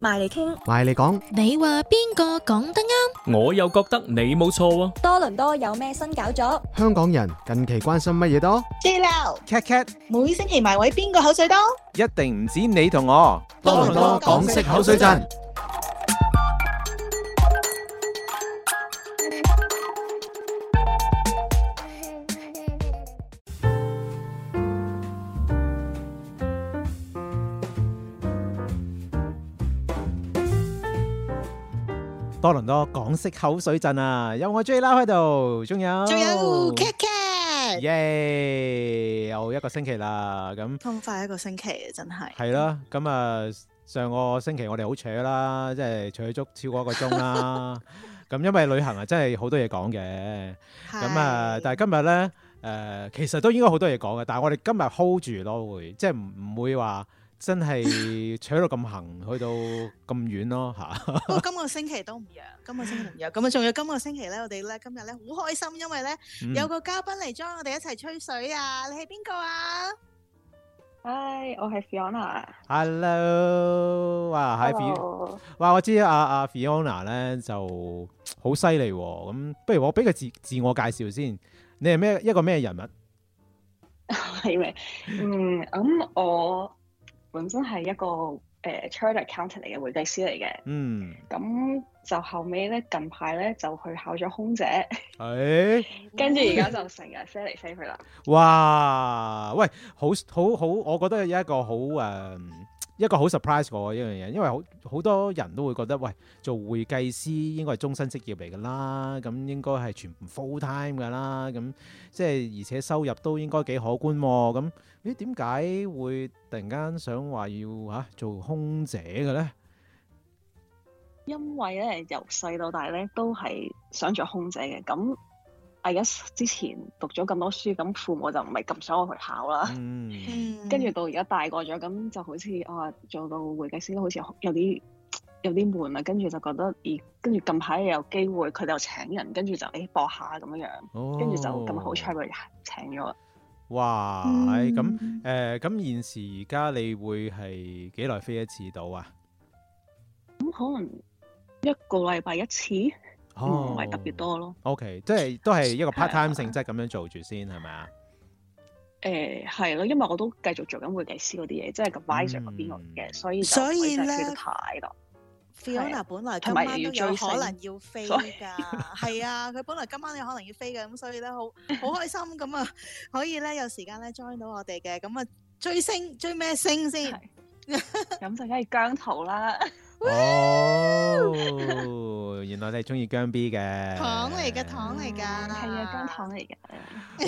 埋嚟聽，埋嚟講，你話邊個講得啱？我又覺得你冇錯。多倫多有咩新搞作？香港人近期關心乜嘢多？JLau，Kat Kat，每星期埋位邊個口水多？一定唔止你同我。多倫多港式口水陣。多倫多港式口水陣啊，有我 JLau 啦，喺度，仲有，仲有，Kat Kat，耶，又一個星期啦，咁，咁快一個星期啊，真係，係咯，咁啊，上個星期我哋好扯啦，即係取足超過一個鐘啦，咁因為旅行啊真係好多嘢講嘅，咁啊，但係今日咧，誒，其實都應該好多嘢講嘅，但係我哋今日 hold 住咯，會，即係唔唔會話。真係扯到咁行，去到咁遠咯吓！不過 今個星期都唔約，今個星期唔約。咁啊，仲有今個星期咧，我哋咧今日咧好開心，因為咧有個嘉賓嚟 join 我哋一齊吹水啊！你係邊個啊？唉，我係 Fiona。Hello，哇，係 Fiona 哇，我知啊阿 Fiona 咧就好犀利喎。咁不如我俾個自自我介紹先，你係咩一個咩人物？係咩？ 嗯，咁、嗯、我。本身係一個誒 charter accountant 嚟嘅會計師嚟嘅，嗯，咁就後尾咧近排咧就去考咗空姐，係，跟住而家就成日飛嚟飛去啦。哇！喂，好好好，我覺得有一個好誒一個好 surprise 喎，一樣嘢，因為好好多人都會覺得喂做會計師應該係終身職業嚟㗎啦，咁應該係全部 full time 㗎啦，咁即係而且收入都應該幾可觀喎，咁。咦？點解會突然間想話要嚇、啊、做空姐嘅咧？因為咧，由細到大咧都係想做空姐嘅。咁而家之前讀咗咁多書，咁父母就唔係咁想我去考啦、嗯啊。跟住到而家大個咗，咁就好似啊做到會計師，好似有啲有啲悶啊。跟住就覺得而、欸、跟住近排有機會，佢哋又請人，跟住就誒搏、欸、下咁樣樣。哦、跟住就咁好彩佢請咗。哇！咁誒咁現時而家你會係幾耐飛一次到啊？咁、嗯、可能一個禮拜一次，唔係、哦、特別多咯。O K，即係都係一個 part time 性質咁樣做住先，係咪啊？誒係咯，因為我都繼續做緊會計師嗰啲嘢，即、就、係、是、個 visa 嗰邊嘅，所以所以咧。Fiona 本來今晚都有可能要飛㗎，係啊，佢本來今晚有可能要飛㗎，咁所以咧好好開心咁啊，可以咧有時間咧 join 到我哋嘅，咁啊追星追咩星先？咁就梗係姜濤啦。哦，原來你係中意姜 B 嘅糖嚟嘅糖嚟㗎，係啊姜糖嚟㗎。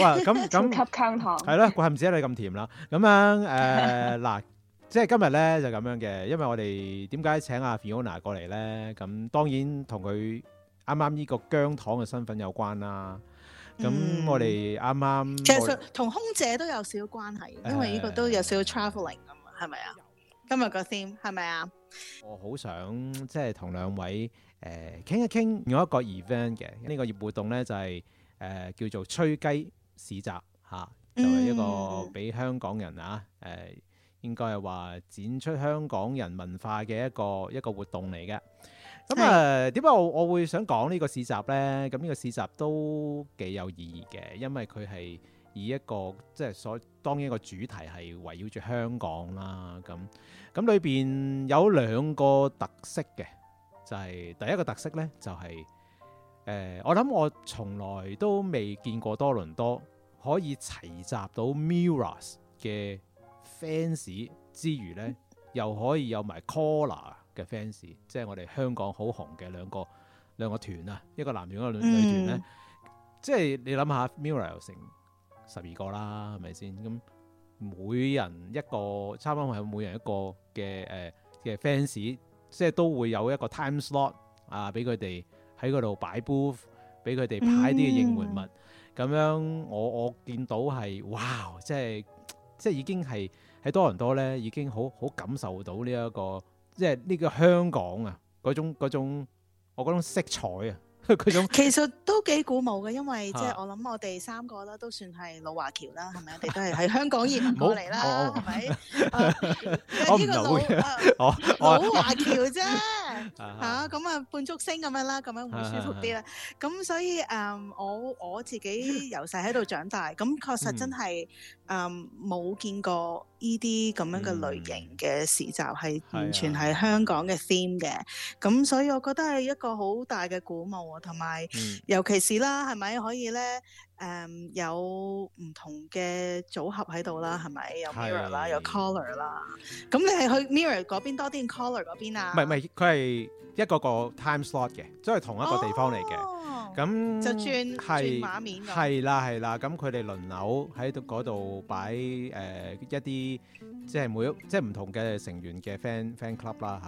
哇，咁咁級姜糖係咯，怪唔之得你咁甜啦。咁樣誒嗱。即係今日咧就咁、是、樣嘅，因為我哋點解請阿 Fiona 過嚟咧？咁當然同佢啱啱呢個姜糖嘅身份有關啦。咁、嗯、我哋啱啱其實同空姐都有少少關係，嗯、因為呢個都有少少 travelling 咁啊，係咪啊？今日個 team 係咪啊？我好想即係同兩位誒傾、呃、一傾用一個 event 嘅呢個業活動咧，就係、是、誒、呃、叫做吹雞市集嚇、啊，就係、是、一個俾香港人啊誒。呃嗯應該係話展出香港人文化嘅一個一個活動嚟嘅。咁誒，點解的我我會想講呢個市集咧？咁呢個市集都幾有意義嘅，因為佢係以一個即係所當然一個主題係圍繞住香港啦。咁咁裏邊有兩個特色嘅，就係、是、第一個特色咧，就係、是、誒、呃，我諗我從來都未見過多倫多可以齊集到 Mirror 嘅。fans 之餘咧，又可以有埋 COLLAR 嘅 fans，即係我哋香港好紅嘅兩個兩個團啊，一個男團一個女團咧，嗯、即係你諗下，MIRROR 成十二個啦，係咪先？咁每人一個差唔多係，每人一個嘅誒嘅 fans，即係都會有一個 time slot 啊，俾佢哋喺嗰度擺 booth，俾佢哋派啲嘅應援物。咁、嗯、樣我我見到係哇，即係即係已經係。喺多倫多咧，已經好好感受到呢一個，即係呢個香港啊，嗰種嗰種我嗰種色彩啊，嗰種其實都幾鼓舞嘅，因為即係我諗我哋三個啦，都算係老華僑啦，係咪？我哋都係喺香港移民過嚟啦，係咪？呢個老老華僑啫。吓咁啊，半足星咁樣啦，咁樣會舒服啲啦。咁所以誒，我我自己由細喺度長大，咁確實真係誒冇見過呢啲咁樣嘅類型嘅市集，係完全係香港嘅 theme 嘅。咁所以我覺得係一個好大嘅鼓舞啊，同埋尤其是啦，係咪可以咧？誒、um, 有唔同嘅組合喺度啦，係咪？有 mirror 啦、啊，有 collar 啦、啊。咁、嗯、你係去 mirror 嗰邊多啲，collar 嗰邊啊？唔係唔係，佢係一個個 time slot 嘅，都係同一個地方嚟嘅。咁、oh, 就轉、嗯、轉畫面。係啦係啦，咁佢哋輪流喺度嗰度擺誒一啲，即、就、係、是、每即係唔同嘅成員嘅 fan fan club 啦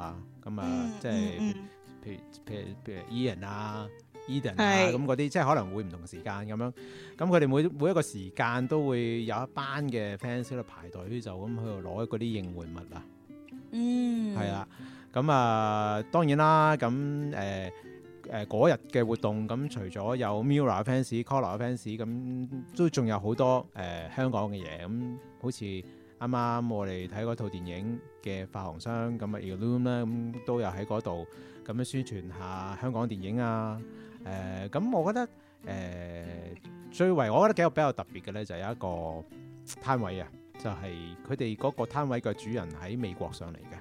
吓，咁啊，即係譬如譬如譬如 E 人啊。e 咁嗰啲即係可能會唔同時間咁樣，咁佢哋每每一個時間都會有一班嘅 fans 喺度排隊就咁去度攞嗰啲應援物啊，嗯，係啦，咁啊、呃、當然啦，咁誒誒嗰日嘅活動咁、呃、除咗有 MIRROR fans、Collar fans 咁，都、hmm. 仲有好多誒、呃、香港嘅嘢，咁好似啱啱我哋睇嗰套電影嘅發行商咁啊，Loom 啦，咁都、e、有喺嗰度咁樣宣傳下香港電影啊。誒咁，呃、我覺得誒、呃、最為我覺得幾個比較特別嘅咧，就有一個攤位啊，就係佢哋嗰個攤位嘅主人喺美國上嚟嘅，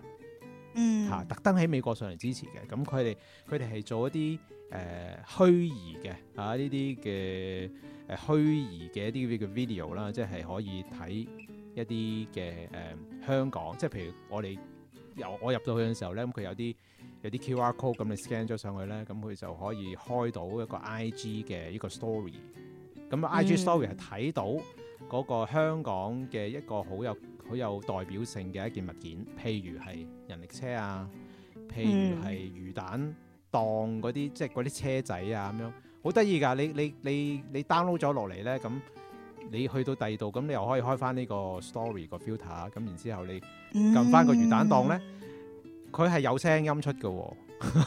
嗯嚇，特登喺美國上嚟支持嘅。咁佢哋佢哋係做一啲誒、呃、虛擬嘅啊呢啲嘅誒虛擬嘅一啲叫 video 啦，即係可以睇一啲嘅誒香港，即係譬如我哋。由我入到去嘅時候咧，咁佢有啲有啲 QR code，咁你 scan 咗上去咧，咁佢就可以開到一個 IG 嘅一個 story。咁啊，IG story 係睇到嗰個香港嘅一個好有好有代表性嘅一件物件，譬如係人力車啊，譬如係魚蛋檔嗰啲，嗯、即係嗰啲車仔啊咁樣，好得意㗎！你你你你 download 咗落嚟咧，咁你去到第二度，咁你又可以開翻呢個 story 個 filter，咁然之後你，撳翻個魚蛋檔咧，佢係有聲音出嘅。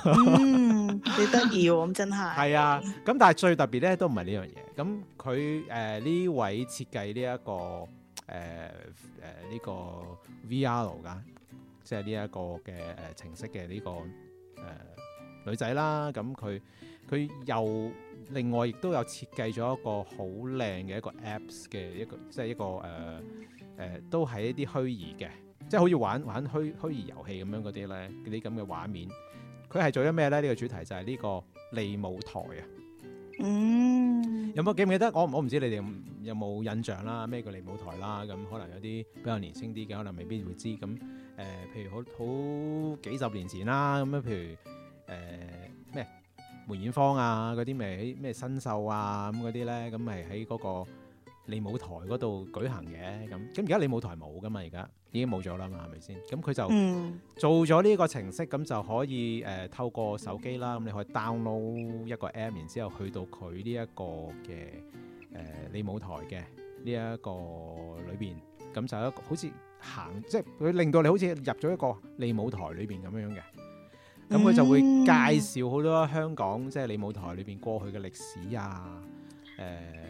嗯 ，幾得意喎，咁真係。係啊，咁但係最特別咧，都唔係呢樣嘢。咁佢誒呢位設計呢一個誒誒呢個 VR 噶，即係呢一個嘅誒程式嘅呢個誒、呃、女仔啦。咁佢佢又另外亦都有設計咗一個好靚嘅一個 apps 嘅一個，即係一個誒誒、呃呃、都係一啲虛擬嘅。即係好似玩玩虛虛擬遊戲咁樣嗰啲咧，嗰啲咁嘅畫面，佢係做咗咩咧？呢、這個主題就係呢個利舞台啊。嗯。有冇記唔記得？我我唔知你哋有冇印象啦，咩叫利舞台啦？咁可能有啲比較年輕啲嘅，可能未必會知。咁誒、呃，譬如好好幾十年前啦，咁、呃、啊，譬如誒咩梅艷芳啊，嗰啲咪咩新秀啊咁嗰啲咧，咁咪喺嗰個，你利舞台嗰度舉行嘅咁，咁而家利舞台冇㗎嘛？而家已經冇咗啦嘛，係咪先？咁佢就做咗呢個程式，咁就可以誒、呃、透過手機啦，咁你可以 download 一個 app，然之後去到佢呢、呃、一個嘅誒利舞台嘅呢一個裏邊，咁就一個好似行，即係佢令到你好似入咗一個利舞台裏邊咁樣嘅。咁佢就會介紹好多香港、嗯、即係利舞台裏邊過去嘅歷史啊，誒、呃。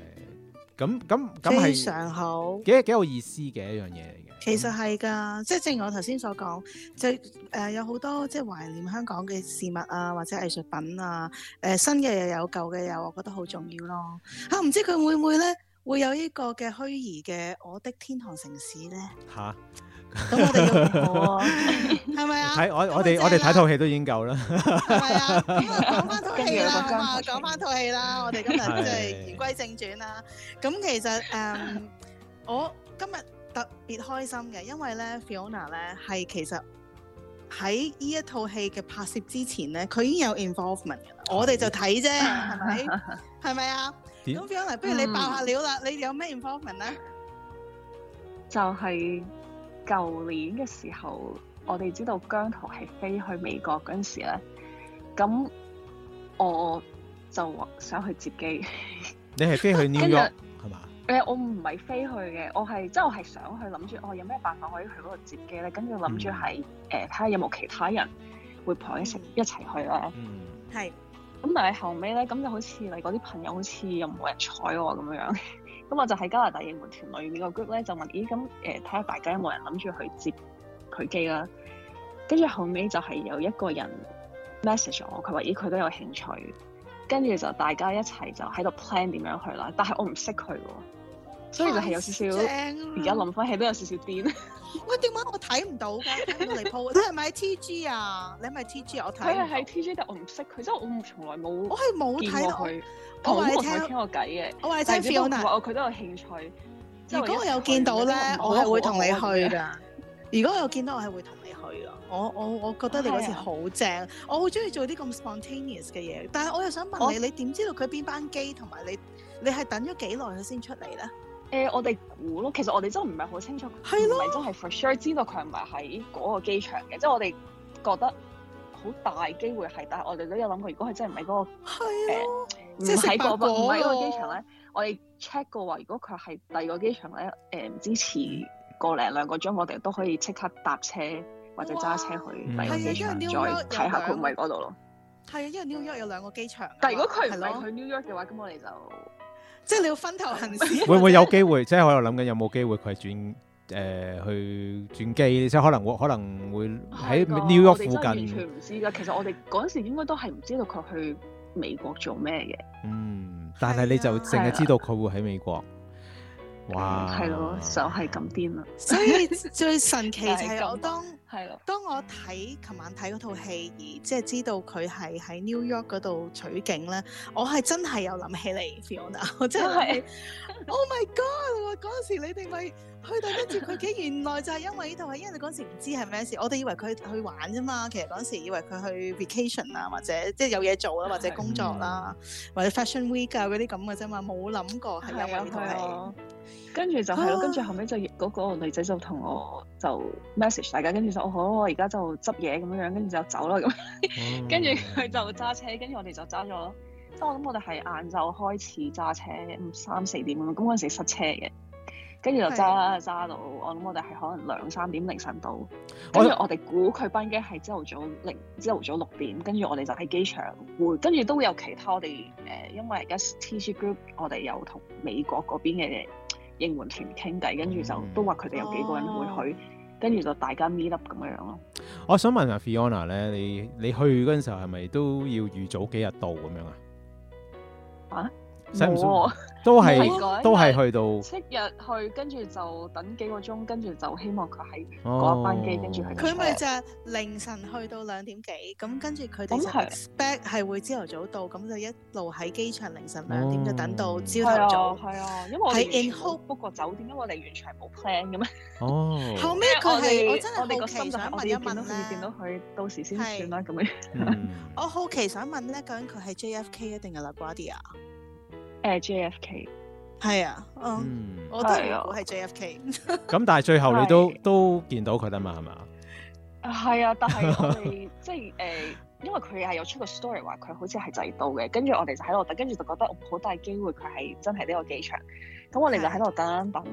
咁咁咁好，幾幾有意思嘅一樣嘢嚟嘅。其實係㗎，即係正如我頭先所講，就誒、呃、有好多即係懷念香港嘅事物啊，或者藝術品啊，誒、呃、新嘅又有舊嘅又有，我覺得好重要咯。嚇、嗯，唔知佢會唔會咧會有呢個嘅虛擬嘅我的天堂城市咧？嚇！咁 我哋用係咪啊？睇、 啊、我 我哋我哋睇套戲都已經夠啦。係 啊，咁講翻套戲啦，係嘛講翻套戲啦。我哋今日即係言歸正傳啦。咁 是的 其實誒、嗯，我今日特別開心嘅，因為咧，Fiona 咧係其實喺呢一套戲嘅拍攝之前咧，佢已經有 involvement 嘅啦。我哋就睇啫，係咪？ 係咪啊？點？ 咁 Fiona，不如你爆下料啦。嗯、你有咩 involvement 咧？就係、是。舊年嘅時候，我哋知道姜濤係飛去美國嗰陣時咧，咁我就想去接機。你係飛去紐約係嘛？誒，我唔係飛去嘅，就是、我係即係我係想去諗住，哦，有咩辦法可以去嗰度接機咧？跟住諗住係誒睇下有冇其他人會陪我一齊一齊去啦。嗯，係。咁但係後尾咧，咁就好似嚟嗰啲朋友好似又冇人睬我咁樣樣。咁我就喺加拿大應援團裏面個 group 咧，就問咦咁誒睇下大家有冇人諗住去接佢機啦？跟住後尾就係有一個人 message 咗我，佢話咦佢都有興趣，跟住就大家一齊就喺度 plan 點樣去啦。但係我唔識佢喎。所以就係有少少，而家諗翻起都有少少癲。喂，點解我睇唔到㗎？你係咪喺 T G 啊？你係咪 T G 啊？我睇係 T G，但我唔識佢，即係我從來冇。我係冇睇過佢，我冇同佢傾過偈嘅。我話你聽 Fiona，我佢都有興趣。如果我有見到咧，我係會同你去㗎。如果我有見到，我係會同你去㗎。我我我覺得你嗰次好正，我好中意做啲咁 spontaneous 嘅嘢。但係我又想問你，你點知道佢邊班機？同埋你你係等咗幾耐佢先出嚟咧？誒，我哋估咯，其實我哋真係唔係好清楚，唔係真係 for sure 知道佢唔係喺嗰個機場嘅，即係我哋覺得好大機會係，但係我哋都有諗過，如果佢真係唔係嗰個，係咯，唔係嗰個機場咧，我哋 check 過話，如果佢係第二個機場咧，誒唔支持個零兩個鐘，我哋都可以即刻搭車或者揸車去第二個機場再睇下佢唔係嗰度咯。係啊，因為 New York 有兩個機場，但係如果佢唔係去 New York 嘅話，咁我哋就。即係你要分頭行事。 會唔會有機會？即係我又諗緊有冇機會佢係轉誒、呃、去轉機？即係可能我可能會喺 New York 附近。我哋真係完全唔知㗎。其實我哋嗰陣時應該都係唔知道佢去美國做咩嘅。嗯，但係你就淨係的知道佢會喺美國。的哇！係咯，就係咁癲啦。 所以最神奇就係我都。係咯，當我睇琴晚睇嗰套戲，而即係知道佢係喺 New York 嗰度取景咧，我係真係有諗起你，Fiona， 我真係 ，Oh my God！嗰陣時你哋咪～去到跟住佢嘅原來就係因為呢度，套，因為嗰陣時唔知係咩事，我哋以為佢去玩啫嘛。其實嗰陣時以為佢去 vacation 啊，或者即係有嘢做啊，或者工作啦，或者 fashion week 啊嗰啲咁嘅啫嘛，冇諗過係因為佢。跟住就係咯，跟住後尾就嗰個女仔就同我就 message 大家，跟住就哦好，我而家就執嘢咁樣樣，跟住就走啦咁。跟住佢就揸車，跟住我哋就揸咗。即係我諗我哋係晏晝開始揸車，三四點咁樣，咁嗰陣時塞車嘅。跟住就揸揸的到，我諗我哋係可能兩三點凌晨到。跟住我哋估佢班機係朝頭早零朝頭早六點，跟住我哋就喺機場會，跟住都有其他我哋誒、呃，因為而家 TG Group 我哋有同美國嗰邊嘅應援團傾偈。跟住就都話佢哋有幾個人會去，跟住、嗯、就大家 meet up 咁樣樣咯。我想問下 Fiona 咧，你你去嗰陣時候係咪都要預早幾日到咁樣啊？啊？冇，都係都係去到，即日去，跟住就等幾個鐘，跟住就希望佢喺嗰班機，跟住去。佢咪就凌晨去到兩點幾，咁跟住佢哋就 expect 係會朝頭早到，咁就一路喺機場凌晨兩點就等到朝頭早。係啊，因為我哋 inbox 不過酒店，因為我哋完全係冇 plan 嘅咩？哦。後尾佢係我真係好奇想問一問啦。未見到佢，到時先算啦。咁樣。我好奇想問咧，究竟佢係 JFK 一定係啦，LaGuardia？誒 JFK，係啊，oh, 嗯，我都係我係 JFK。咁 但係最後你都、啊、都見到佢得嘛係嘛？係 啊，但係我哋即係誒、呃，因為佢係有出個 story 話佢好似係就係到嘅，跟住我哋就喺度等，跟住就覺得好大機會佢係真係呢個機場。咁我哋就喺度等等，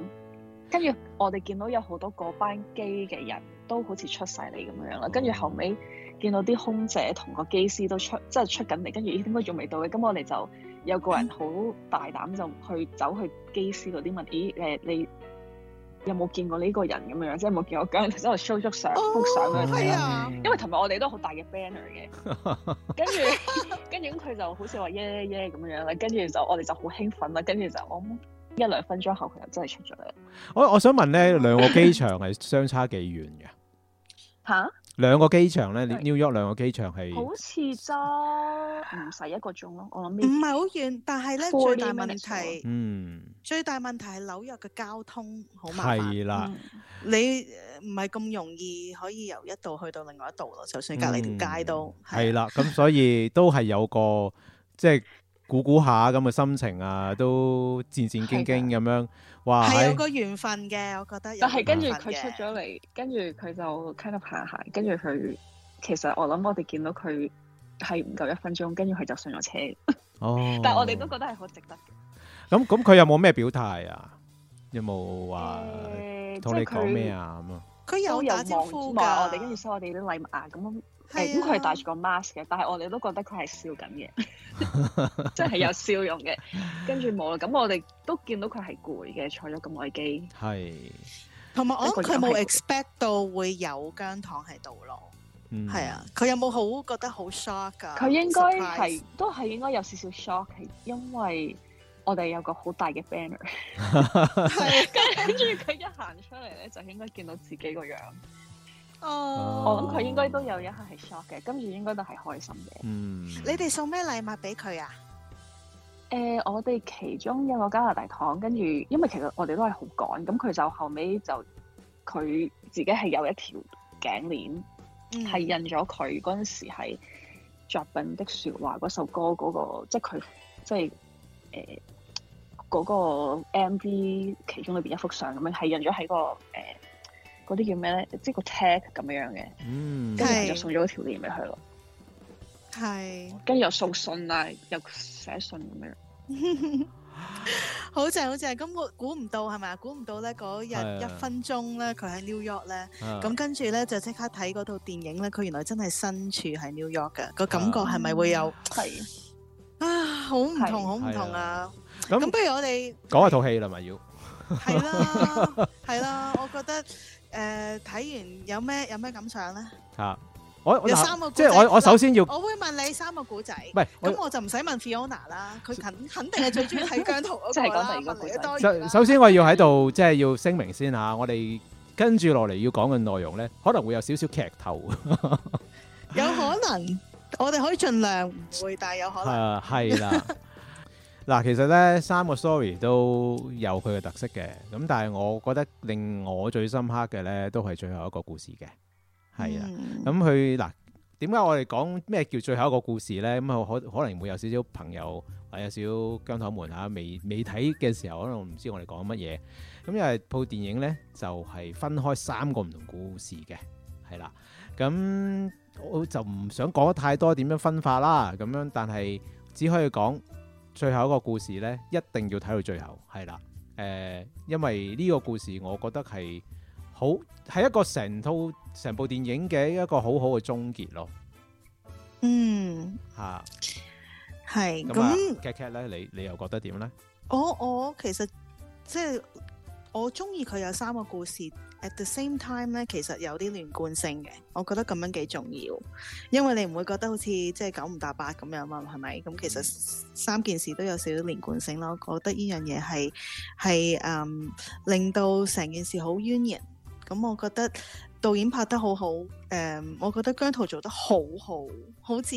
跟住我哋見到有好多嗰班機嘅人都好似出晒嚟咁樣啦，跟住後尾見到啲空姐同個機師都出，即係出緊嚟，跟住點解仲未到嘅？咁我哋就。有個人好大膽就去走去機師嗰啲問，咦誒你，你有冇見過呢個人咁、哦啊 yeah, yeah、樣？即係冇見過咁，之後 show 咗相幅相佢睇。因為同埋我哋都好大嘅 banner 嘅，跟住跟住咁佢就好似話「耶耶」咁樣啦。跟住就我哋就好興奮啦。跟住就我一兩分鐘後，佢就真係出咗嚟。我我想問咧，兩個機場係相差幾遠嘅？吓、 啊？兩個機場咧，New York 兩個機場係好似啫，唔使一個鐘咯。我諗唔係好遠，但係咧最大問題，嗯，最大問題係紐約嘅交通好麻煩。係啦，你唔係咁容易可以由一度去到另外一度咯，就算隔離條街都係啦。咁所以都係有個即係估估下咁嘅心情啊，都戰戰兢兢咁樣。係哇有個緣分嘅，我覺得。但係跟住佢出咗嚟，跟住佢就 kind of 行行，跟住佢其實我諗我哋見到佢係唔夠一分鐘，跟住佢就上咗車。哦！ 但係我哋都覺得係好值得嘅。咁咁佢有冇咩表態 啊？有冇話同你講咩啊？咁啊？佢有有打招呼噶，我哋跟住收我哋啲禮物啊咁。嗯咁佢、欸嗯、戴住個 mask 嘅，但係我哋都覺得佢係笑緊嘅，即係有笑容嘅。跟住冇啦，咁我哋都見到佢係攰嘅，坐咗咁耐機。係，同埋我覺得佢冇 expect 到會有薑糖喺度咯。係、嗯、啊，佢有冇好覺得好 shock 㗎？佢應該係都係應該有少少 shock，因為我哋有個好大嘅 banner，係、 啊、 跟住佢一行出嚟咧，就應該見到自己個樣。哦，oh. 我諗佢應該都有一刻係 shock 嘅，跟住應該都係開心嘅。嗯，你哋送咩禮物俾佢啊？誒、呃，我哋其中一個加拿大糖，跟住因為其實我哋都係好趕，咁佢就後尾就佢自己係有一條頸鏈，係、嗯、印咗佢嗰陣時係作品的說話嗰首歌嗰、嗰個，即係佢即係誒嗰個 M V 其中裏邊一幅相咁樣，係印咗喺個誒。呃嗰啲叫咩咧？即係個 tag 咁樣嘅，跟住就送咗條鏈俾佢咯。係，跟住又送信啊，又寫信咁樣。好正，好正！咁我估唔到係咪啊？估唔到咧，嗰日一分鐘咧，佢喺 New York 咧，咁跟住咧就即刻睇嗰套電影咧。佢原來真係身處喺 New York 嘅，個感覺係咪會有？係啊，好唔同，好唔同啊！咁不如我哋講下套戲啦，咪要？係啦，係啦，我覺得。誒，睇完有咩有咩感想咧？吓，我有三個，即係我我首先要，我會問你三個古仔，唔係，咁我就唔使問 Fiona 啦，佢肯肯定係最中意睇姜濤嗰個啦。首先我要喺度，即係要聲明先吓，我哋跟住落嚟要講嘅內容咧，可能會有少少劇透，有可能，我哋可以盡量唔會，但有可能。係啦。嗱，其實咧三個 story 都有佢嘅特色嘅。咁但係我覺得令我最深刻嘅咧，都係最後一個故事嘅，係啊。咁佢嗱點解我哋講咩叫最後一個故事咧？咁我可可能會有少少朋友或有少少姜糖們嚇未未睇嘅時候，可能唔知我哋講乜嘢。咁因為套電影咧就係、是、分開三個唔同故事嘅，係啦。咁、嗯、我就唔想講得太多點樣分法啦。咁樣，但係只可以講。最後一個故事咧，一定要睇到最後，係啦，誒、呃，因為呢個故事我覺得係好，係一個成套成部電影嘅一個好好嘅終結咯。嗯，吓係咁，劇劇咧，你你又覺得點咧？我我其實即係我中意佢有三個故事。at the same time 咧，其實有啲連貫性嘅，我覺得咁樣幾重要，因為你唔會覺得好似即係九唔搭八咁樣嘛，係咪？咁其實三件事都有少少連貫性咯。我覺得呢樣嘢係係誒令到成件事好蜿蜒。咁我覺得導演拍得好好誒、嗯，我覺得姜濤做得好好，好自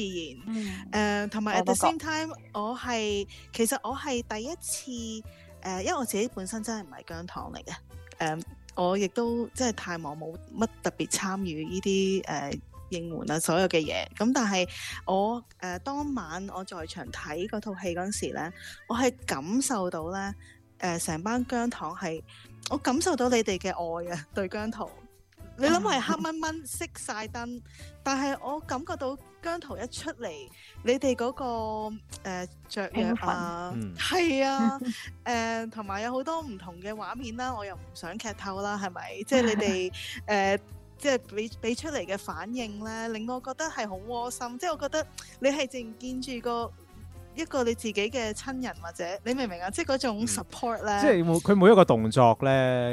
然誒，同埋、嗯呃、at the same time，我係其實我係第一次誒、呃，因為我自己本身真係唔係姜糖嚟嘅誒。呃我亦都即係太忙，冇乜特別參與呢啲誒應援啊，所有嘅嘢。咁但係我誒、呃、當晚我在場睇嗰套戲嗰陣時咧，我係感受到咧誒成班姜糖係，我感受到你哋嘅愛啊，對姜濤。你諗係 黑蚊蚊，熄晒燈，但係我感覺到。.姜濤一出嚟，你哋嗰、那個誒雀躍啊，係、嗯、啊，誒、 嗯，同埋有好多唔同嘅畫面啦，我又唔想劇透啦，係咪？即係你哋誒、 呃，即係俾俾出嚟嘅反應咧，令我覺得係好窩心。即係我覺得你係淨見住個一個你自己嘅親人或者你明唔明啊？即係嗰種 support 咧，即係每佢每一個動作咧，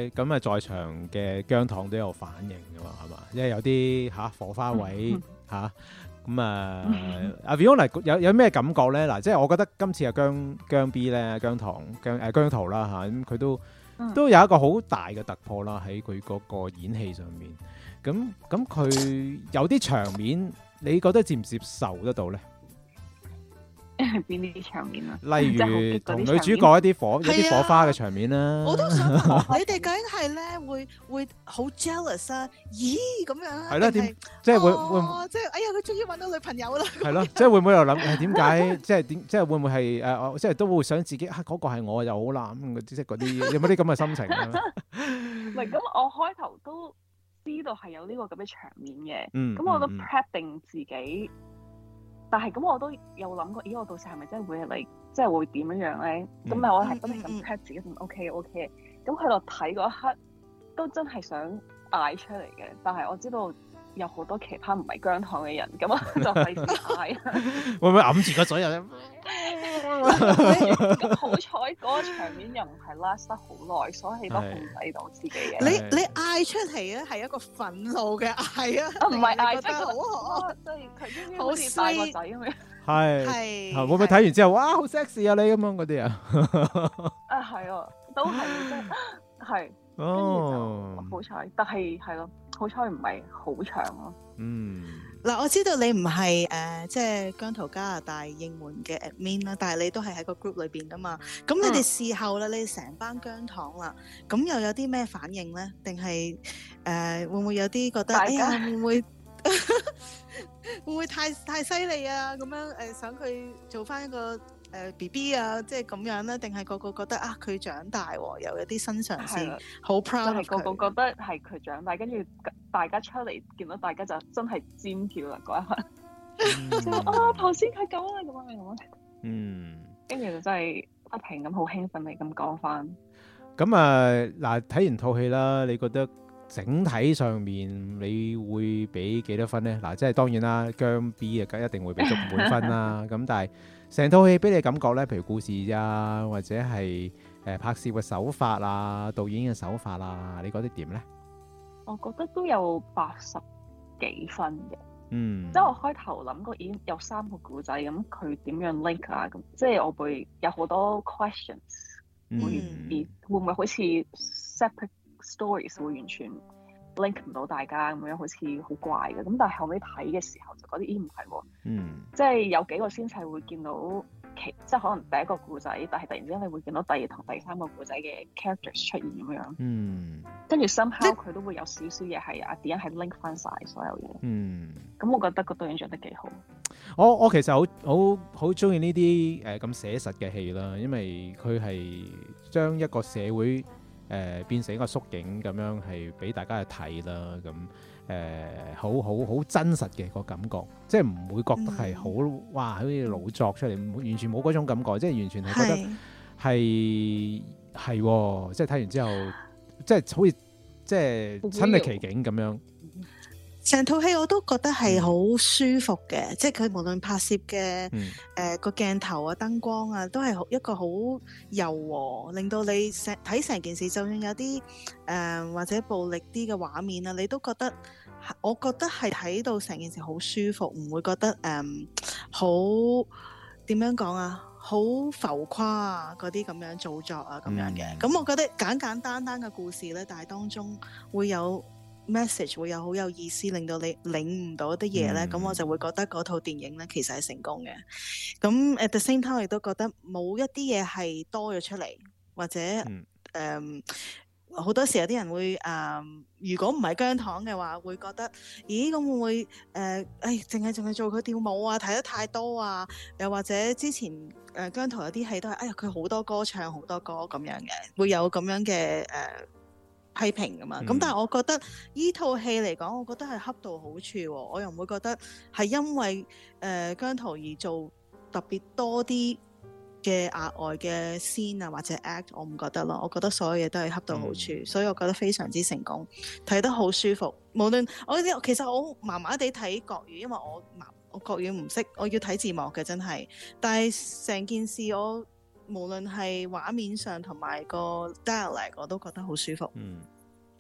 咁啊在場嘅姜糖都有反應噶嘛，係嘛？因為有啲吓、啊、火花位吓。啊 咁、嗯 uh，啊，阿 Fiona 有有咩感覺咧？嗱，即係我覺得今次阿姜姜 B 咧、姜糖、姜誒、呃、姜濤啦嚇，咁、啊、佢都、嗯、都有一個好大嘅突破啦，喺佢嗰個演戲上面。咁咁佢有啲場面，你覺得接唔接受得到咧？係邊啲場面啊？例如同女主角一啲火一啲火花嘅場面啦。我都想你哋究竟係咧，會會好 jealous 啊？咦咁樣啊？係咯？點即係會會？即係哎呀，佢終於搵到女朋友啦！係咯？即係會唔會又諗誒？點解即係點？即係會唔會係誒？即係都會想自己，嗰個係我又好啦。咁嗰啲即係嗰啲，有冇啲咁嘅心情啊？唔係咁，我開頭都知道係有呢個咁嘅場面嘅。嗯，咁我都 prep 定自己。但係咁，我都有諗過，咦？我到時係咪真係會嚟，即、like，係會點樣樣咧？咁咪、嗯、我係真係咁 expect 自己，O K O K。咁喺度睇嗰一刻，都真係想嗌出嚟嘅。但係我知道。有好多其他唔係姜糖嘅人，咁啊就係嗌，會唔會揞住個嘴入咧？好彩嗰個場面又唔係 last 得好耐，所以都控制到自己嘅。你你嗌出嚟咧係一個憤怒嘅嗌啊，唔係嗌得好，即係佢啲好似細個仔咁樣。係係會唔會睇完之後，哇，好 sexy 啊你咁樣嗰啲啊？啊係哦，都係即係哦，好彩，但係係咯。好彩唔係好長咯。嗯，嗱，我知道你唔係誒，即係姜濤加拿大應援嘅 admin 啦，但係你都係喺個 group 裏邊噶嘛。咁你哋事後啦，你哋成班姜糖啦，咁又有啲咩反應咧？定係誒會唔會有啲覺得，大家哎呀，會唔會會唔會太太犀利啊！咁樣誒，想佢做翻一個。誒 BB 啊，即係咁樣咧，定係個個覺得啊佢長大喎，又有啲新嘗試，好 proud。係個個覺得係佢長大，跟住大家出嚟見到大家就真係尖叫啦嗰一刻。就啊頭先佢咁啊咁啊咁啊嗯，跟住就真係不停咁好興奮地咁講返。咁啊嗱，睇完套戲啦，你覺得整體上面你會俾幾多分咧？嗱，即係當然啦，姜 B 啊，一定會俾足滿分啦。咁但係。成套戲俾你感覺咧，譬如故事啊，或者係誒、呃、拍攝嘅手法啊，導演嘅手法啊，你覺得點咧？我覺得都有八十幾分嘅、嗯，嗯，即係我開頭諗過已經有三個故仔咁，佢點樣 link 啊？咁即係我會有好多 questions，會會唔會好似 separate stories 會完全？link 唔到大家咁樣，好似好怪嘅。咁但係後尾睇嘅時候就覺得，就嗰啲咦唔係喎，啊、嗯，即係有幾個先係會見到其，即係可能第一個故仔，但係突然之間你會見到第二同第三個故仔嘅 characters 出現咁樣，嗯，跟住 somehow 佢都會有少少嘢係阿狄恩係 link 翻晒所有嘢，嗯，咁我覺得個導演做得幾好。我我其實好好好中意呢啲誒咁寫實嘅戲啦，因為佢係將一個社會。誒、呃、變成一個縮影咁樣係俾大家去睇啦，咁誒、呃、好好好真實嘅個感覺，即係唔會覺得係好哇好似老作出嚟，完全冇嗰種感覺，即係完全係覺得係係的即係睇完之後， 即係好似即係親歷其境咁樣。成套戲我都覺得係好舒服嘅，嗯、即係佢無論拍攝嘅誒個鏡頭啊、燈光啊，都係好一個好柔和，令到你成睇成件事，就算有啲誒、呃、或者暴力啲嘅畫面啊，你都覺得我覺得係睇到成件事好舒服，唔會覺得誒好點樣講啊，好浮誇啊嗰啲咁樣做作啊咁樣嘅。咁我覺得簡簡單單嘅故事咧，但係當中會有。message 會有好有意思，令到你領悟到啲嘢咧，咁、嗯、我就會覺得嗰套電影咧，其實係成功嘅。咁 at the same time，我亦都覺得冇一啲嘢係多咗出嚟，或者誒好、嗯嗯、多時候有啲人會誒、嗯，如果唔係姜糖嘅話，會覺得咦，咁會唔會誒、呃？哎，淨係淨係做佢跳舞啊？睇得太多啊？又或者之前誒、呃、姜濤有啲戲都係哎呀，佢好多歌唱，好多歌咁樣嘅，會有咁樣嘅誒。呃批評㗎嘛，咁、嗯、但係我覺得依套戲嚟講，我覺得係恰到好處喎、哦，我又唔會覺得係因為誒、呃、姜濤而做特別多啲嘅額外嘅 scene 啊或者 act，我唔覺得咯，我覺得所有嘢都係恰到好處，嗯、所以我覺得非常之成功，睇得好舒服。無論我啲，其實我麻麻地睇國語，因為我我國語唔識，我要睇字幕嘅真係，但係成件事我。無論係畫面上同埋個 dialog，我都覺得好舒服。嗯，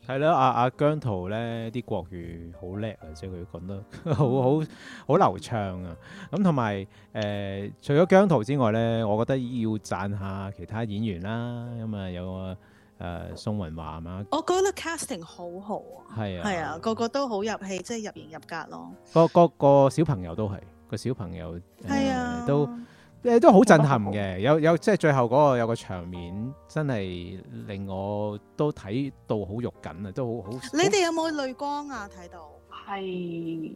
係咯，阿、啊、阿姜圖咧，啲國語好叻啊，即係佢講得好好好流暢啊。咁同埋誒，除咗姜濤之外咧，我覺得要讚下其他演員啦。咁啊，有、呃、誒宋文華啊，我覺得 casting 好好啊，係啊，係啊，個個都好入戲，即、就、係、是、入型入格咯。個個個小朋友都係個小朋友，係、呃、啊，都。誒都好震撼嘅，有有即係最後嗰個有個場面，真係令我都睇到好肉緊啊，都好好。你哋有冇淚光啊？睇到係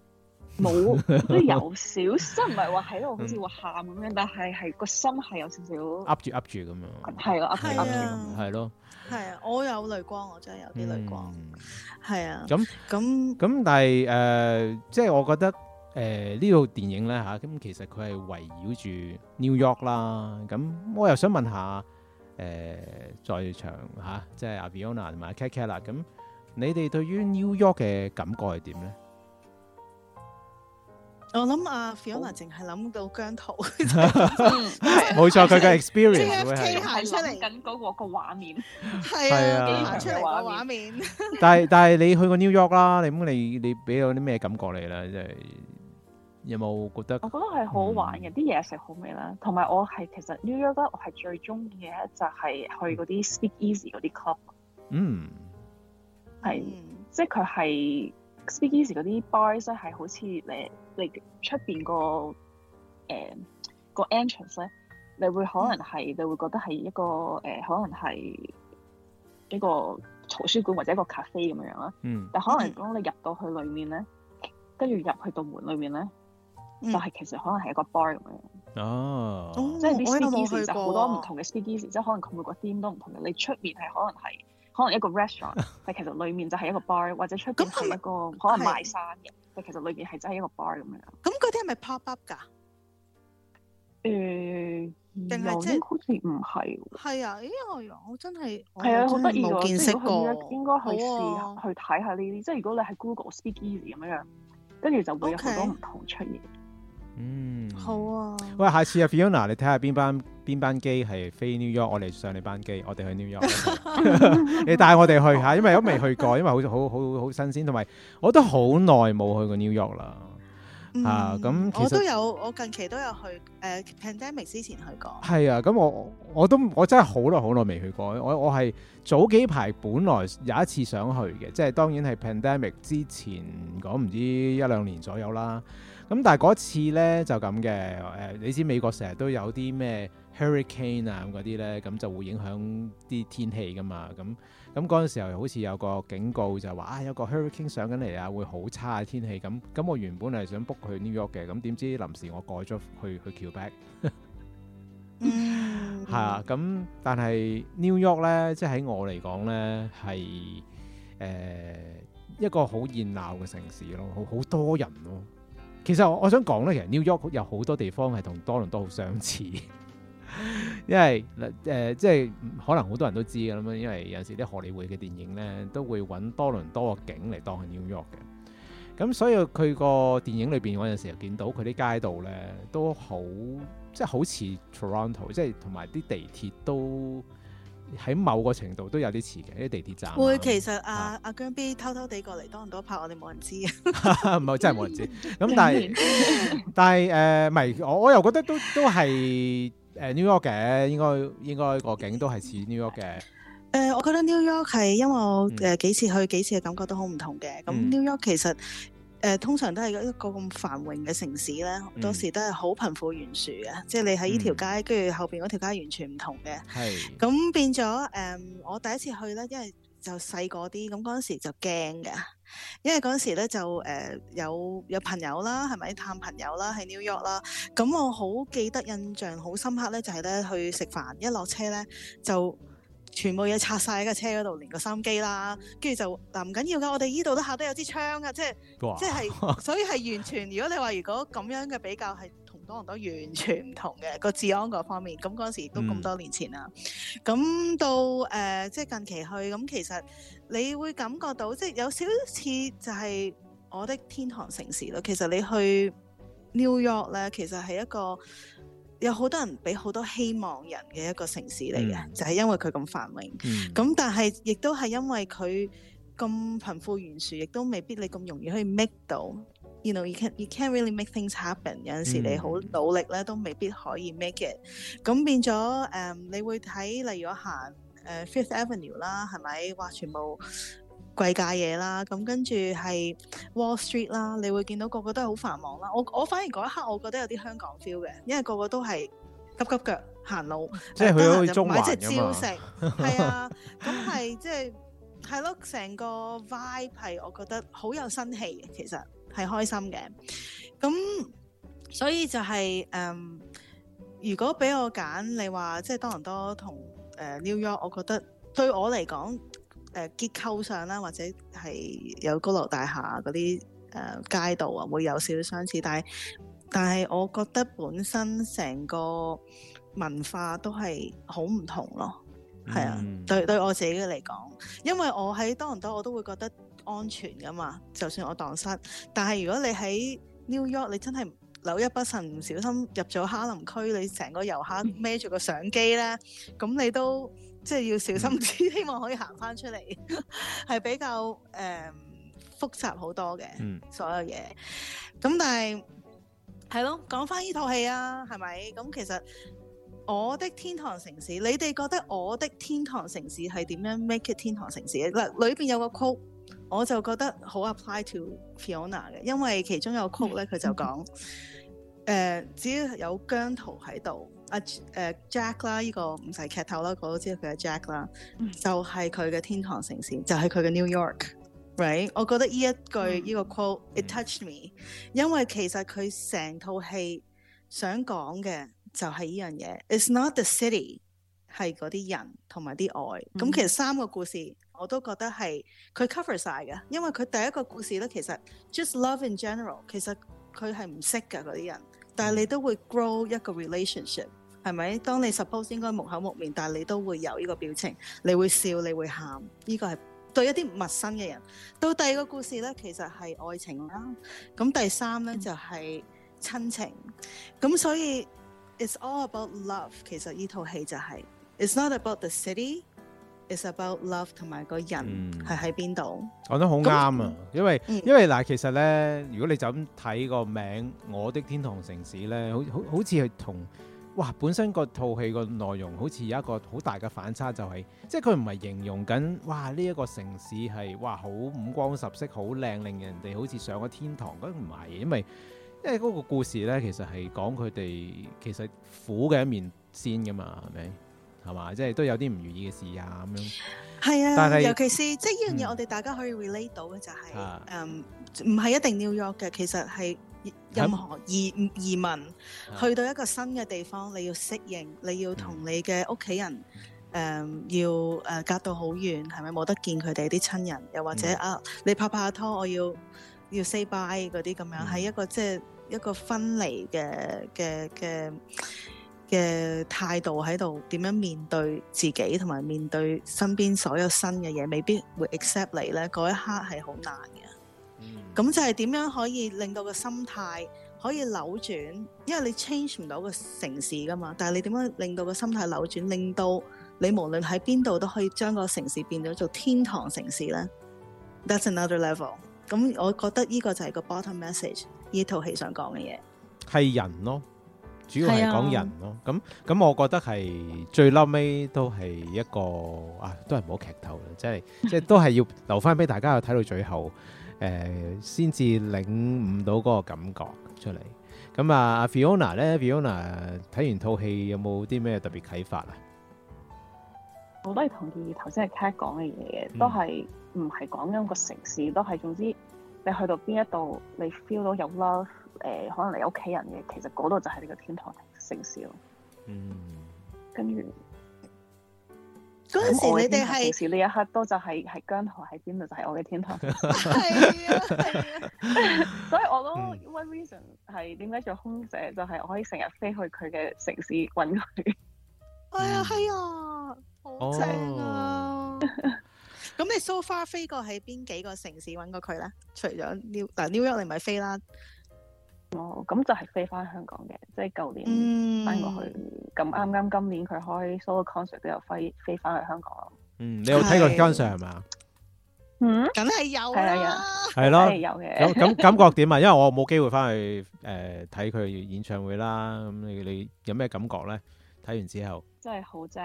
冇都有少，即係唔係話喺度好似話喊咁樣，但係係個心係有少少噏住噏住咁樣，係咯噏住噏住咁，係咯。係啊，我有淚光，我真係有啲淚光。係啊，咁咁咁，但係誒，即係我覺得。誒呢套電影咧嚇，咁、啊、其實佢係圍繞住 New York 啦。咁我又想問下誒在場嚇，即係阿 Fiona 同埋 Kat Kat，at 咁、啊啊啊、你哋對於 New York 嘅感覺係點咧？我諗啊 Fiona 淨係諗到姜濤，冇錯 錯，佢嘅 experience 係出嚟緊嗰個個畫面，係 啊，幾出嚟個畫面。 但係但係你去過 New York 啦，你你你俾到啲咩感覺你啦？真係。有冇覺得？我覺得係好好玩嘅，啲嘢、嗯、食好味啦。同埋我係其實 New York 我係最中意嘅咧就係去嗰啲 Speakeasy 嗰啲 club。嗯，係是，嗯、即係佢係 Speakeasy 嗰啲 bar 咧，係好似你你出面個誒個 entrance 咧，你會可能係你會覺得係一個誒、呃，可能係一個圖書館或者一個 cafe 咁樣樣啦。嗯、但可能當你入到去裡面咧，跟住入去到門裏面咧。就係其實可能係一個 bar 咁樣，哦，即係 Speak Easy 就好多唔同嘅 Speak Easy，即係可能佢每個 theme 都唔同嘅。你出面係可能係可能一個 restaurant，但其實裡面就係一個 bar，或者出面係一個可能賣衫嘅，但其實裏面係真係一個 bar 咁樣。咁嗰啲係咪 pop up 㗎？誒，定係好似唔係？係啊，因為，我真係係啊，好得意啊！真係冇見識過，應該去試去睇下呢啲。即係如果你喺 Google Speak Easy 咁樣樣，跟住就會有好多唔同出現。嗯，好啊！喂，下次啊，Fiona，你睇下邊班邊班機係飛 New York，我哋上你班機，我哋去 New York， 你帶我哋去下，因為都未去過，因為好好好好新鮮，同埋我都好耐冇去過 New York 啦。嗯、啊，咁我都有，我近期都有去，誒、呃、，pandemic 之前去過，係啊，咁我我都我真係好耐好耐未去過，我我係早幾排本來有一次想去嘅，即係當然係 pandemic 之前講唔知一兩年左右啦。咁但係嗰次咧就咁嘅，誒、呃，你知美國成日都有啲咩 hurricane 啊咁嗰啲咧，咁就會影響啲天氣噶嘛。咁咁嗰陣時候好似有個警告就話啊，有個 hurricane 上緊嚟啊，會好差嘅天氣。咁咁我原本係想 book 去 New York 嘅，咁點知臨時我改咗去去 Quebec。係、 嗯、 啊，咁但係 New York 咧，即喺我嚟講咧係誒一個好熱鬧嘅城市咯，好好多人咯。其實我想講咧，其實 New York 有好多地方係同多倫多好相似，因為嗱誒、呃，即係可能好多人都知嘅啦嘛，因為有陣時啲荷里活嘅電影咧都會揾多倫多個景嚟當 New York 嘅，咁所以佢個電影裏邊我有時又見到佢啲街道咧都好即係好似 Toronto，即係同埋啲地鐵都。喺某個程度都有啲似嘅啲地鐵站。會其實阿、啊、阿是、啊、姜 B 偷偷地過嚟多唔多拍，我哋冇人知嘅。唔 係 真係冇人知。咁但係 但係誒，唔、呃、我我又覺得都都係誒 New York 嘅，應該應該個景都係似 New York 嘅。誒、呃，我覺得 New York 係因為我誒、嗯呃、幾次去幾次嘅感覺都好唔同嘅。咁 New York、嗯、其實。誒通常都係一個咁繁榮嘅城市咧，當、嗯、時都係好貧富懸殊嘅，即、就、係、是、你喺呢條街，跟住、嗯、後邊嗰條街完全唔同嘅。係咁是變咗誒、嗯，我第一次去咧，因為就細個啲，咁嗰陣時就驚㗎，因為嗰陣時咧就誒、呃、有有朋友啦，係咪探朋友啦喺 New York 啦？咁我好記得印象好深刻咧，就係、是、咧去食飯，一落車咧就。全部嘢拆晒喺架車嗰度，連個心機啦，跟住就嗱唔緊要噶，我哋依度都下得有支槍噶、啊，即係哇 即係，所以係完全。如果你話如果咁樣嘅比較係同多倫多完全唔同嘅個治安嗰方面，咁嗰陣時都咁多年前啦。咁、嗯、到誒、呃，即係近期去咁，其實你會感覺到即係有少少似就係我的天堂城市咯。其實你去 New York 咧，其實係一個。有好多人俾好多希望人嘅一個城市嚟嘅，mm. 就係因為佢咁繁榮。咁、mm. 嗯、但係亦都係因為佢咁貧富懸殊，亦都未必你咁容易可以 make 到。You know you can't you can't really make things happen。有陣時你好努力咧，mm. 都未必可以 make it。咁變咗誒，um, 你會睇例如我行誒、uh, Fifth Avenue 啦，係咪？哇，全部～貴價嘢啦，咁跟住係 Wall Street 啦，你會見到個個都係好繁忙啦。我我反而嗰一刻我覺得有啲香港 feel 嘅，因為個個都係急急腳行路，即係去去中環㗎嘛。買隻蕉食，係 啊，咁係即係係咯，成、就是、個 vibe 係我覺得好有新氣嘅，其實係開心嘅。咁所以就係、是、誒、嗯，如果俾我揀，你話即係多倫多同 New York，我覺得對我嚟講。誒，結構上啦，或者係有高樓大廈嗰啲，誒，街道啊，會有少少相似，但係但係我覺得本身成個文化都係好唔同咯，係、嗯、啊，對對，我自己嚟講，因為我喺多倫多我都會覺得安全噶嘛，就算我盪失，但係如果你喺 New York，你真係。扭一不慎，唔小心入咗哈林區，你成個遊客孭住個相機咧，咁、嗯、你都即係要小心啲，希望可以行翻出嚟，係 比較誒、嗯、複雜好多嘅，嗯、所有嘢。咁但係係咯，講翻呢套戲啊，係咪？咁其實我的天堂城市，你哋覺得我的天堂城市係點樣 make it 天堂城市咧？嗱，裏邊有個 quote。我就覺得好 apply to Fiona 嘅，因為其中有個 quote 呢，佢就講誒，只要、mm hmm. 呃、有姜濤喺度，阿誒 Jack 啦，呢、這個唔使劇透啦，我都知道佢係 Jack 啦，就係佢嘅天堂城市，就係佢嘅 New York，right？我覺得呢一句呢、mm hmm. 個 quote it touched me，因為其實佢成套戲想講嘅就係呢樣嘢，it's not the city 係嗰啲人同埋啲愛，咁、mm hmm. 其實三個故事。我都覺得係佢 cover 晒嘅，因為佢第一個故事咧，其實 just love in general，其實佢係唔識嘅嗰啲人，但係你都會 grow 一個 relationship，係咪？當你 suppose 應該木口木面，但係你都會有呢個表情，你會笑，你會喊，呢、這個係對一啲陌生嘅人。到第二個故事咧，其實係愛情啦。咁第三咧、嗯、就係親情。咁所以 it's all about love，其實呢套戲就係、是、it's not about the city。It's about love 同埋個人係喺邊度，講 in 得好啱啊！嗯、因為、嗯、因為嗱、呃，其實咧，如果你就咁睇個名《我的天堂城市》咧，好好好似係同哇，本身個套戲個內容好似有一個好大嘅反差，就是，就係即係佢唔係形容緊哇呢一、這個城市係哇好五光十色好靚，令人哋好似上咗天堂，咁唔係，因為因為嗰個故事咧，其實係講佢哋其實苦嘅一面先㗎嘛，係咪？係嘛？即係都有啲唔如意嘅事啊咁樣。係啊，尤其是即係呢樣嘢，我哋大家可以 relate 到嘅就係，嗯，唔係一定紐約嘅。其實係任何移移民去到一個新嘅地方，你要適應，你要同你嘅屋企人，誒要誒隔到好遠，係咪冇得見佢哋啲親人？又或者啊，你拍拍拖，我要要 say bye 嗰啲咁樣，係一個即係一個分離嘅嘅嘅，嘅態度喺度點樣面對自己，同埋面對身邊所有新嘅嘢，未必會 accept 你呢？嗰一刻係好難嘅。咁、嗯、就係點樣可以令到個心態可以扭轉？因為你 change 唔到個城市噶嘛。但係你點樣令到個心態扭轉，令到你無論喺邊度都可以將個城市變咗做天堂城市呢？That's another level。咁我覺得呢個就係個 bottom message，呢套戲想講嘅嘢係人咯。主要係講人咯，咁咁、啊、我覺得係最嬲尾都係一個啊，都係唔好劇透啦， 即係即係都係要留翻俾大家去睇到最後，誒、呃，先至領悟到嗰個感覺出嚟。咁啊 Fiona 咧 Fiona 睇完套戲有冇啲咩特別啟發啊？Fiona, 有有發我都係同意頭先係 Cat 講嘅嘢，都係唔係講緊個城市，都係總之你去到邊一度，你 feel 到有 love。誒，可能你屋企人嘅，其實嗰度就係你個天堂城市咯。嗯，跟住嗰陣時，你哋係呢一刻都就係係姜濤，喺邊度就係我嘅天堂。係啊，所以我都因為 reason 係點解做空姐，就係我可以成日飛去佢嘅城市揾佢。哎呀，係啊，好正啊！咁你 so far 飛過喺邊幾個城市揾過佢咧？除咗 New 嗱 New York，你咪飛啦。哦，咁就係飛翻香港嘅，即係舊年翻過去。咁啱啱今年佢開 solo concert 都又飛飛翻去香港。嗯，你有睇過佢 concert 係咪啊？嗯，梗係有啊，係咯，有嘅。咁感覺點啊？因為我冇機會翻去誒睇佢演唱會啦。咁你你有咩感覺咧？睇完之後真係好正，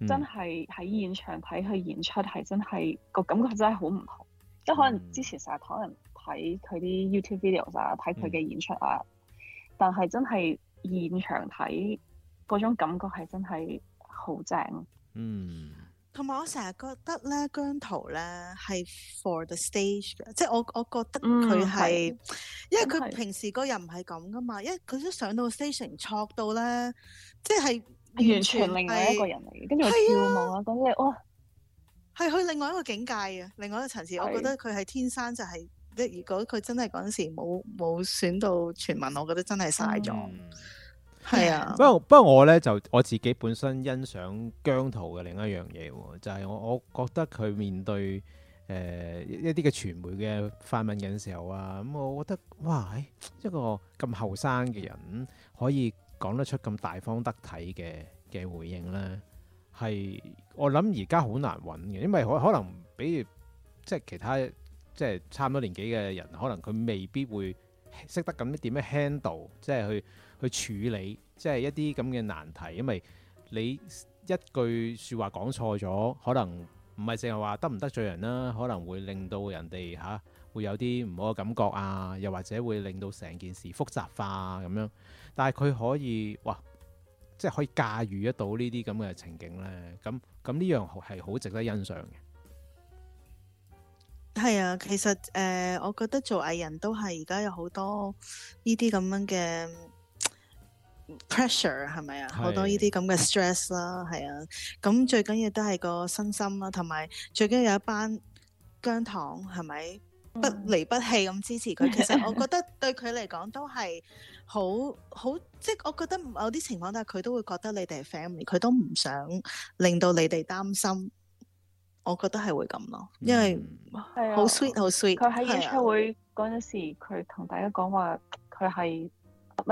嗯、真係喺現場睇佢演出係真係個感覺真係好唔同，即係可能之前成日可能。睇佢啲 YouTube videos 啊，睇佢嘅演出啊，嗯、但係真係現場睇嗰種感覺係真係好正。嗯，同埋我成日覺得咧，姜濤咧係 for the stage 嘅，即係我我覺得佢係是因為佢平時個人唔係咁噶嘛，因為佢都上到 station，挫到咧，即、就、係、是、完全，完全另外一個人嚟嘅，跟住跳舞啊嗰啲，哇，係去另外一個境界嘅，另外一個層次。是我覺得佢係天生就係、是。即如果佢真係嗰陣時冇冇選到傳聞，我覺得真係嘥咗，係、嗯、啊不。不過不過我咧就我自己本身欣賞姜濤嘅另一樣嘢，就係、是、我我覺得佢面對誒、呃、一啲嘅傳媒嘅發問緊時候啊，咁、嗯、我覺得哇，一個咁後生嘅人可以講得出咁大方得體嘅嘅回應咧，係我諗而家好難揾嘅，因為可可能比如即係其他。即係差唔多年紀嘅人，可能佢未必會識得咁點樣 handle，即係去去處理，即係一啲咁嘅難題。因為你一句説話講錯咗，可能唔係淨係話得唔得罪人啦，可能會令到人哋嚇、啊、會有啲唔好嘅感覺啊，又或者會令到成件事複雜化咁樣。但係佢可以哇，即係可以駕馭得到呢啲咁嘅情景咧，咁咁呢樣係好值得欣賞嘅。係啊，其實誒、呃，我覺得做藝人都係而家有好多呢啲咁樣嘅 pressure，係咪是啊？好多呢啲咁嘅 stress 啦，係啊。咁最緊要都係個身心啦，同埋最緊要有一班姜糖，係咪、嗯、不離不棄咁支持佢？其實我覺得對佢嚟講都係好好，即係、 就是、我覺得有啲情況，但係佢都會覺得你哋係 family，佢都唔想令到你哋擔心。我覺得係會咁咯，因為好 sweet，好 sweet。佢喺演唱會嗰陣時，佢同、啊、大家講話，佢係咩？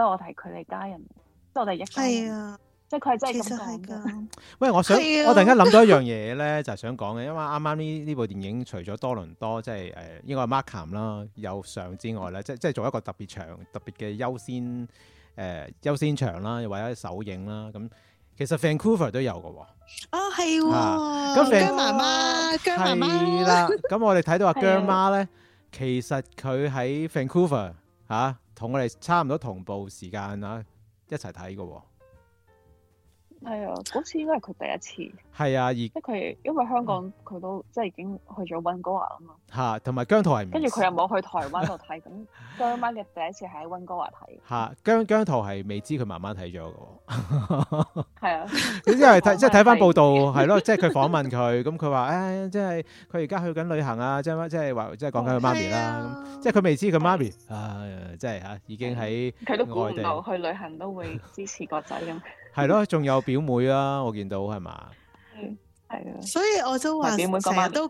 我提佢哋家人，即我哋一家人。係啊，啊即係佢係真係咁講嘅。是是 喂，我想我突然間諗到一樣嘢咧，就係、是、想講嘅，因為啱啱呢呢部電影除咗多倫多即係誒、呃、應該係 Markham 啦有相之外咧，即係即係做一個特別長特別嘅優先誒、呃、優先場啦，又或者首映啦咁。其實 Vancouver 都有㗎喎，哦，係喎，咁姜媽媽，姜媽媽啦，咁我哋睇到阿姜媽咧，其實佢喺 Vancouver 吓，同我哋差唔多同步時間啊，一齊睇㗎喎。係啊，好似應該係佢第一次。係啊，而即因為香港佢都即係已經去咗温哥華啊嘛。吓，同埋姜濤係。跟住佢又冇去台灣度睇，咁姜媽嘅第一次係喺温哥華睇。吓，姜姜濤係未知佢媽媽睇咗嘅。係啊，點知係即係睇翻報道係咯，即係佢訪問佢，咁佢話誒，即係佢而家去緊旅行啊，即係即係話即係講緊佢媽咪啦。咁即係佢未知佢媽咪，誒，即係吓已經喺。佢都估唔到去旅行都會支持個仔咁。係咯，仲有表妹啊，我見到係嘛，係啊，所以我都話表妹成日都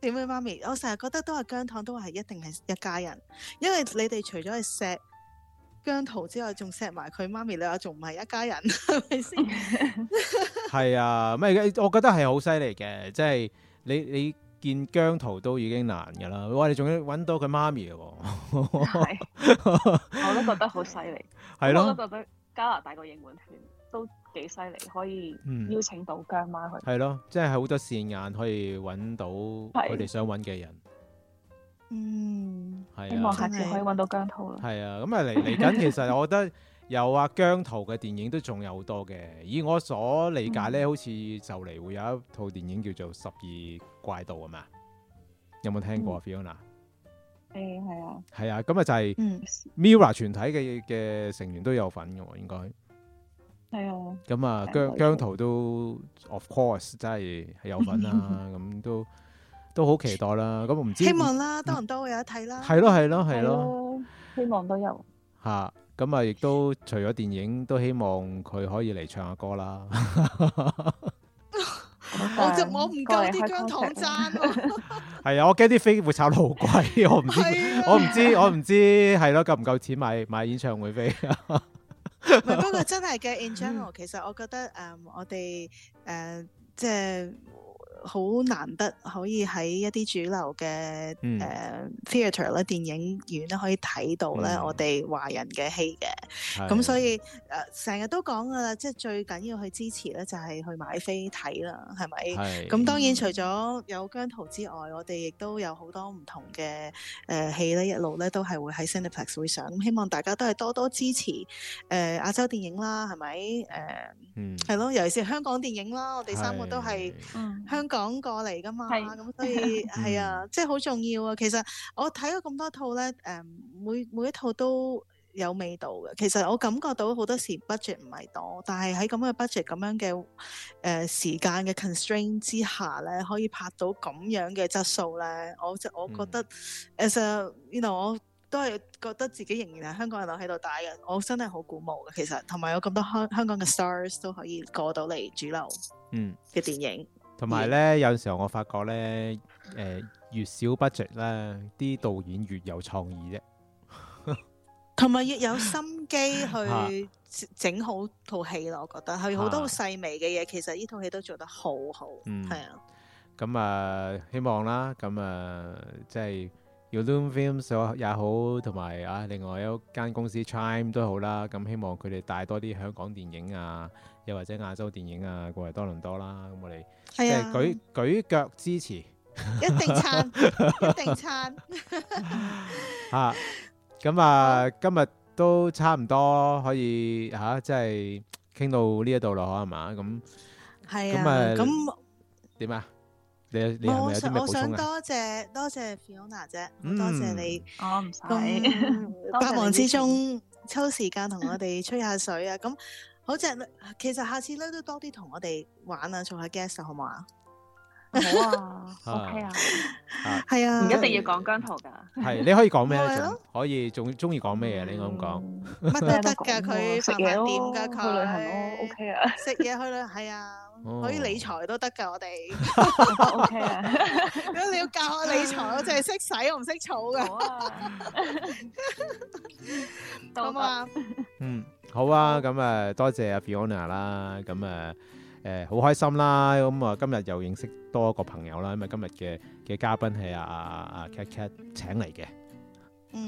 表妹媽咪，我成日覺得都係姜糖，都係一定係一家人，因為你哋除咗係錫姜濤之外，仲錫埋佢媽咪，你話仲唔係一家人係咪先？係啊，咩？我覺得係好犀利嘅，即係你你見姜濤都已經難噶啦，我哋仲要揾到佢媽咪喎，我都覺得好犀利，係咯，我都覺得加拿大個英文。都幾犀利，可以邀請到姜媽去。係咯、嗯，即係好多線眼可以揾到佢哋想揾嘅人。嗯，的希望下次可以揾到姜濤啦。係啊，咁啊嚟嚟緊，其實我覺得有阿姜濤嘅電影都仲有好多嘅。以我所理解咧，嗯、好似就嚟會有一套電影叫做《十二怪盜》啊嘛。有冇聽過啊？Fiona？誒，係啊。係啊，咁啊就係 MIRROR 全體嘅嘅成員都有份嘅喎，應該。係啊，咁啊姜姜濤都 of course 真係係有份啦，咁都都好期待啦。咁我唔知希望啦，多唔多有一睇啦。係咯係咯係咯，希望都有。吓，咁啊，亦都除咗電影，都希望佢可以嚟唱下歌啦。我就我唔夠啲姜糖讚咯。係啊，我驚啲飛會炒到好貴，我唔我唔知我唔知係咯，夠唔夠錢買買演唱會飛唔 不，不過真係嘅，in general，嗯、其實我覺得，嗯、um，我、uh, 哋，誒，即係。好難得可以喺一啲主流嘅誒 theatre 咧、電影院咧，可以睇到咧我哋華人嘅戲嘅。咁所以誒成日都講噶啦，即係最緊要去支持咧，就係去買飛睇啦，係咪？咁當然除咗有姜圖之外，我哋亦都有好多唔同嘅誒戲咧，一路咧都係會喺 c e n t e p l e x 會上。咁希望大家都係多多支持誒亞洲電影啦，係咪？誒，係咯，尤其是香港電影啦，我哋三個都係香。講過嚟㗎嘛？咁是所以係 啊，即係好重要啊。其實我睇咗咁多套咧，誒每每一套都有味道嘅。其實我感覺到好多時 budget 唔係多，但係喺咁嘅 budget、咁樣嘅誒時間嘅 constraint 之下咧，可以拍到咁樣嘅質素咧，我就我覺得、嗯、as a, you know，我都係覺得自己仍然係香港人喺度打嘅。我真係好鼓舞嘅。其實同埋有咁多香香港嘅 stars 都可以過到嚟主流嘅電影。嗯。同埋咧，有時候我發覺咧，誒、呃、越少 budget 啦，啲導演越有創意啫。同 埋越有心機去整好套戲咯，我覺得係好 多好細微嘅嘢，其實呢套戲都做得好好，係啊。咁啊，希望啦，咁、嗯、啊，即係。Uloom Films 也好，同埋啊，另外有一間公司 Time 都好啦。咁希望佢哋帶多啲香港電影啊，又或者亞洲電影啊，過嚟多倫多啦。咁我哋即係舉、哎、呀舉腳支持，一定撐， 一定撐。吓、 啊，咁啊，今日都差唔多可以吓、啊，即係傾到呢一度咯，係嘛？咁係啊，咁點啊？那我想我想多謝多謝 Fiona 姐，多謝你，我唔使，百忙之中抽時間同我哋吹下水啊，咁好似其實下次咧都多啲同我哋玩啊，做下 guest 好唔好啊？好啊，OK 啊，係啊，唔一定要講姜濤噶，係你可以講咩啫？可以仲中意講咩嘢？你應該咁講，乜都得噶，佢食嘢點噶？佢去旅行咯，OK 啊？食嘢去旅行係啊。Oh. 可以理財都得㗎，我哋。O K，咁你要教我理財，我淨係識使，我唔識儲㗎。好啊， 嗯，好啊，咁啊，多謝阿 Fiona 啦，咁、嗯、啊，誒、呃，好開心啦，咁、嗯、啊，今日又認識多一個朋友啦，因為今日嘅嘅嘉賓係阿阿阿 Kat Kat 請嚟嘅，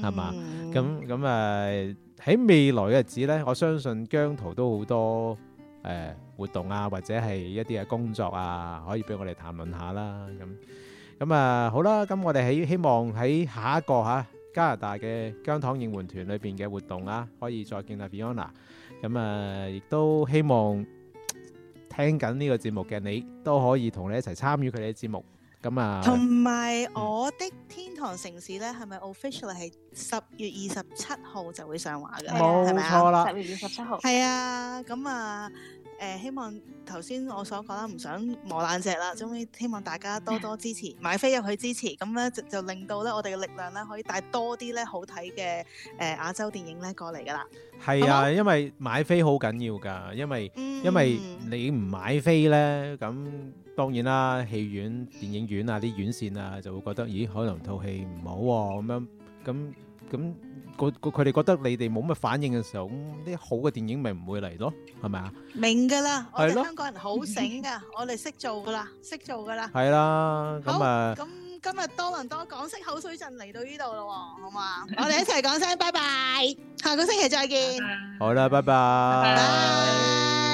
係嘛？咁咁啊，喺、啊啊嗯嗯嗯、未來嘅日子咧，我相信姜濤都好多，誒、呃、活動啊，或者係一啲嘅工作啊，可以俾我哋談論下啦。咁咁啊，好啦，咁我哋喺希望喺下一個嚇加拿大嘅姜糖應援團裏邊嘅活動啦，可以再見啊 Bianca 咁啊，亦都希望聽緊呢個節目嘅你都可以同你一齊參與佢哋嘅節目。咁啊，同埋我的天堂城市咧，係咪 officially 係十月二十七號就會上畫嘅？冇錯啦，十月二十七號。係啊，咁啊。嗯誒、呃、希望頭先我所講啦，唔想磨爛蓆啦，終於希望大家多多支持，買飛入去支持，咁咧就，就令到咧我哋嘅力量咧可以帶多啲咧好睇嘅誒亞洲電影咧過嚟噶啦。係啊嗎因，因為買飛好緊要噶，因為、嗯、因為你唔買飛咧，咁當然啦，戲院、電影院啊啲院線啊就會覺得，咦，可能套戲唔好喎，啊，咁樣咁咁。個個佢哋覺得你哋冇乜反應嘅時候，咁啲好嘅電影咪唔會嚟咯，係咪啊？明㗎啦，我哋香港人好醒㗎，我哋識做㗎啦，識做㗎啦。係啦，咁啊，咁今日多倫多港式口水陣嚟到呢度咯喎，好嘛？我哋一齊講聲拜拜，下個星期再見。好啦，拜拜。